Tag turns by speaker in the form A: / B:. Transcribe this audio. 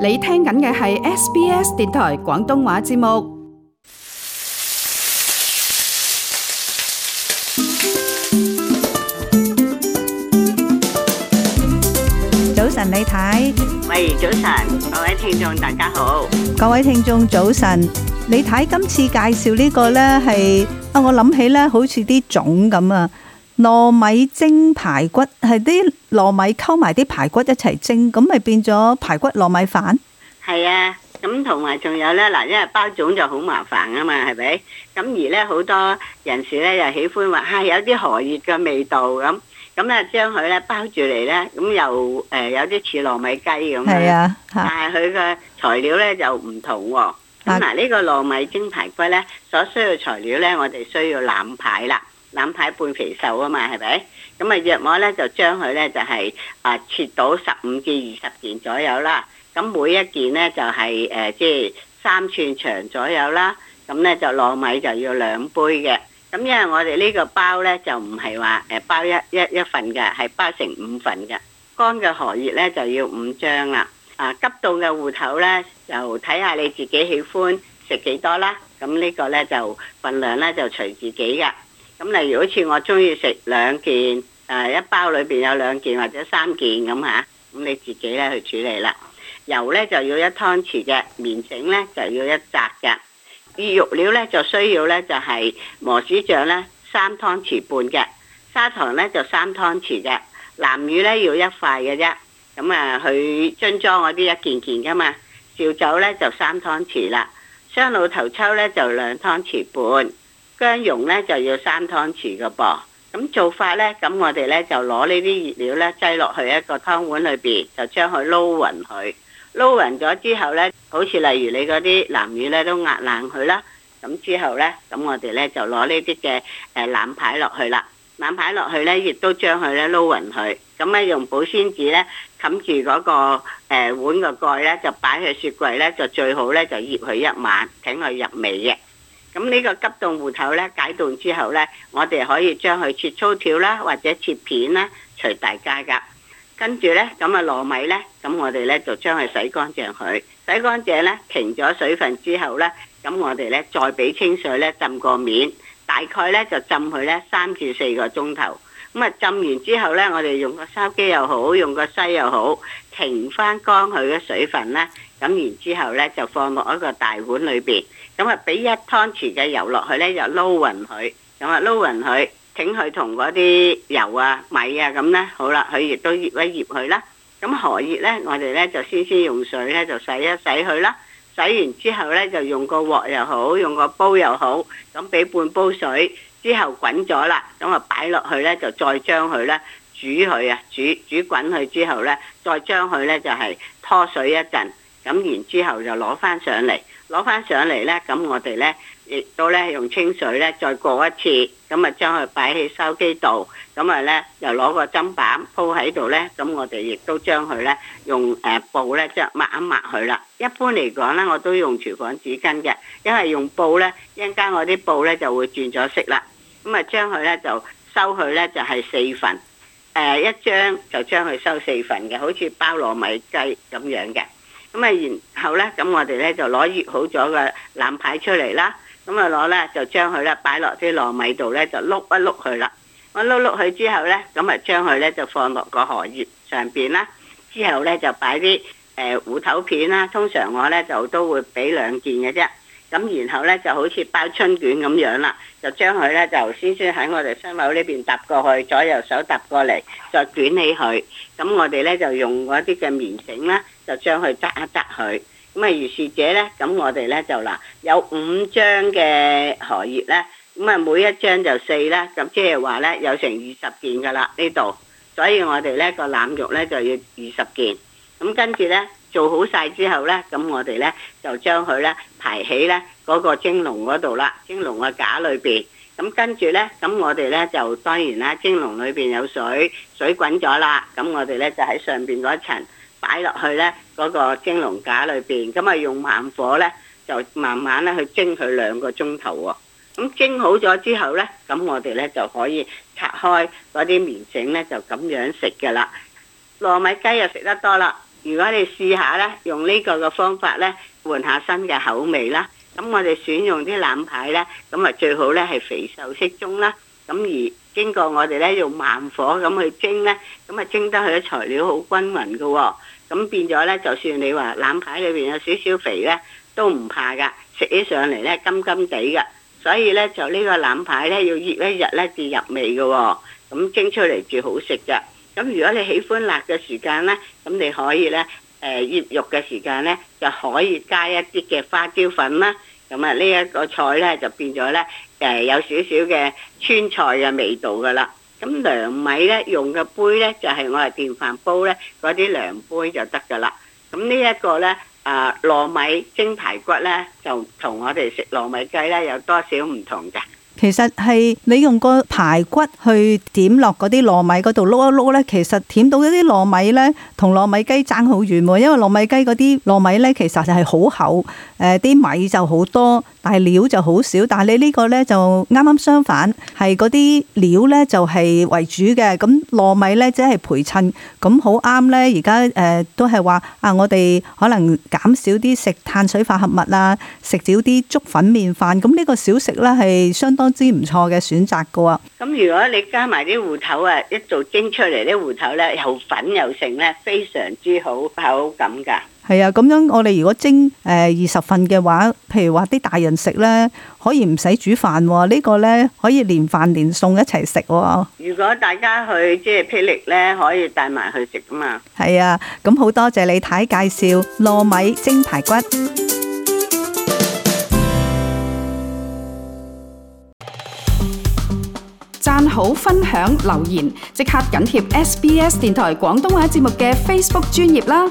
A: 你聽緊嘅係 SBS 電台廣東話節目。早晨，李太。喂，早晨，
B: 各位聽眾，大家好。
A: 各位聽眾，早晨，李太今次介紹呢個咧係，啊我諗起咧好似啲種咁啊。糯米蒸排骨係啲糯米溝埋啲排骨一齊蒸，咁咪變咗排骨糯米飯。
B: 係啊，咁同埋仲有咧嗱，因為包粽就好麻煩啊嘛，係咪？咁而咧好多人士咧又喜歡話嚇、啊、有啲荷葉嘅味道咁，咁咧將佢咧包住嚟咧，咁又誒、呃、有啲似糯米雞咁。係啊，但係佢嘅材料咧就唔同喎。咁嗱、啊，呢、呢個糯米蒸排骨咧，所需要材料咧，我哋需要腩排啦。腩排半肥瘦啊嘛，係咪？咁啊，約我咧就將佢咧就係、是、啊切到十五至二十件左右啦。咁每一件咧就係誒即係三寸長左右啦。咁咧就糯米就要兩杯嘅。咁因為我哋呢個包咧就唔係話誒包一一一份嘅，係包成五份嘅。乾嘅荷葉咧就要五張啦。啊，急凍嘅芋頭咧就睇下你自己喜歡食幾多啦。咁呢個咧就份量咧就隨自己嘅。咁例如好似我中意食兩件，誒一包裏邊有兩件或者三件咁嚇，咁你自己咧去處理啦。油咧就要一湯匙嘅，麵整咧就要一紮嘅。魚肉料咧就需要咧就係、是、磨豉醬咧三湯匙半嘅，砂糖咧就三湯匙嘅，南乳咧要一塊嘅啫。咁啊去樽裝嗰啲一件件噶嘛，紹酒咧就三湯匙啦，雙老頭抽咧就兩湯匙半。薑蓉咧就要三湯匙嘅噃，咁做法咧，咁我哋咧就攞呢啲熱料咧擠落去一個湯碗裏邊，就將佢撈匀佢，撈匀咗之後咧，好似例如你嗰啲南乳咧都壓爛佢啦，咁之後咧，咁我哋咧就攞呢啲嘅誒冷排落去啦，冷排落去咧亦都將佢咧撈匀佢，咁咧用保鮮紙咧冚住嗰個碗個蓋咧，就擺喺雪櫃咧，就最好咧就醃佢一晚，請佢入味嘅。咁呢個急凍芋頭呢解凍之後呢，我哋可以將佢切粗條啦，或者切片啦，隨大家㗎。跟住呢，咁啊糯米呢，咁我哋呢就將佢洗乾淨佢，洗乾淨呢，停咗水分之後呢，咁我哋呢再俾清水呢浸個面，大概呢就浸佢呢三至四個鐘頭。咁啊浸完之後呢，我哋用個筲箕又好，用個篩又好，停翻乾佢嘅水分呢。咁然之後呢，就放落一個大碗裏邊。咁啊，俾一湯匙嘅油落去咧，就撈勻佢。咁啊，撈勻佢，整佢同嗰啲油啊、米啊咁咧，好啦，佢亦都醃一醃佢啦。咁荷葉咧，我哋咧就先先用水咧就洗一洗佢啦。洗完之後咧，就用個鑊又好，用個煲又好，咁俾半煲水，之後滾咗啦。咁啊，擺落去咧，就再將佢咧煮佢啊，煮煮滾佢之後咧，再將佢咧就係、是、拖水一陣，咁然之後就攞翻上嚟。攞翻上嚟呢，咁我哋呢亦都呢用清水呢再過一次，咁啊將佢擺喺收機度，咁啊呢又攞個砧板鋪喺度呢，咁我哋亦都將佢呢用誒布呢將抹一抹佢啦。一般嚟講呢，我都用廚房紙巾嘅，因為用布咧，一陣間我啲布呢就會轉咗色啦。咁啊將佢呢就收佢呢，就係四份，一張就將佢收四份嘅，好似包糯米雞咁樣嘅。咁啊，然後咧，咁我哋咧就攞醃好咗嘅腩排出嚟啦。咁啊攞咧，就將佢咧擺落啲糯米度咧，就碌一碌佢啦。我碌碌佢之後咧，咁啊將佢咧就放落個荷葉上邊啦。之後咧就擺啲誒芋頭片啦。通常我咧就都會俾兩件嘅啫。咁然後咧就好似包春卷咁樣啦，就將佢咧就先先喺我哋雙手呢邊搭過去，左右手搭過嚟，再捲起佢。咁我哋咧就用嗰啲嘅棉繩啦，呢就將佢紮一紮佢。咁啊，如是者咧，咁我哋咧就嗱，有五張嘅荷葉咧，咁啊每一張就四咧，咁即係話咧有成二十件㗎啦呢度。所以我哋咧個腩肉咧就要二十件。咁跟住咧。做好晒之後呢，咁我哋呢，就將佢呢排起呢嗰個蒸籠嗰度啦，蒸籠個架裏邊。咁跟住呢，咁我哋呢，就當然啦，蒸籠裏邊有水，水滾咗啦。咁我哋呢，就喺上邊嗰層擺落去呢嗰個蒸籠架裏邊。咁啊用慢火呢，就慢慢咧去蒸佢兩個鐘頭喎。咁蒸好咗之後呢，咁我哋呢，就可以拆開嗰啲棉繩呢，就咁樣食嘅啦。糯米雞又食得多啦。如果你試下咧，用呢個嘅方法咧，換下新嘅口味啦。咁我哋選用啲腩排咧，咁啊最好咧係肥瘦適中啦。咁而經過我哋咧用慢火咁去蒸咧，咁啊蒸得佢嘅材料好均勻嘅喎。咁變咗咧，就算你話腩排裏邊有少少肥咧，都唔怕噶。食起上嚟咧，金金地㗎。所以咧，就呢個腩排咧，要醃一日咧至入味嘅喎。咁蒸出嚟最好食㗎。咁如果你喜歡辣嘅時間呢，咁你可以呢誒、呃、醃肉嘅時間呢，就可以加一啲嘅花椒粉啦。咁啊，呢一個菜呢，就變咗呢，誒、呃、有少少嘅川菜嘅味道㗎喇。咁涼米呢，用嘅杯呢，就係、是、我哋電飯煲呢嗰啲涼杯就得㗎喇。咁呢一個呢，啊糯米蒸排骨呢，就同我哋食糯米雞呢，有多少唔同嘅？
A: 其實係你用個排骨去點落嗰啲糯米嗰度撈一撈呢，其實點到嗰啲糯米呢，同糯米雞爭好遠喎，因為糯米雞嗰啲糯米呢，其實就係好厚，誒啲米就好多，但係料就好少。但係你呢個呢，就啱啱相反，係嗰啲料呢就係為主嘅，咁糯米呢，即係陪襯，咁好啱呢，而家誒都係話啊，我哋可能減少啲食碳水化合物啊，食少啲粥粉麵飯，咁、這、呢個小食呢，係相當之唔錯嘅選擇噶
B: 啊！咁如果你加埋啲芋頭啊，一做蒸出嚟，啲芋頭呢，又粉又剩呢，非常之好口感噶。
A: 係啊，咁樣我哋如果蒸誒二十份嘅話，譬如話啲大人食呢，可以唔使煮飯喎。呢個呢，可以連飯連餸一齊食。
B: 如果大家去即係霹力呢，可以帶埋去食噶嘛。
A: 係啊，咁好多謝你太介紹糯米蒸排骨。讚好分享留言，即刻緊貼 SBS 電台廣東話節目嘅 Facebook 專頁啦！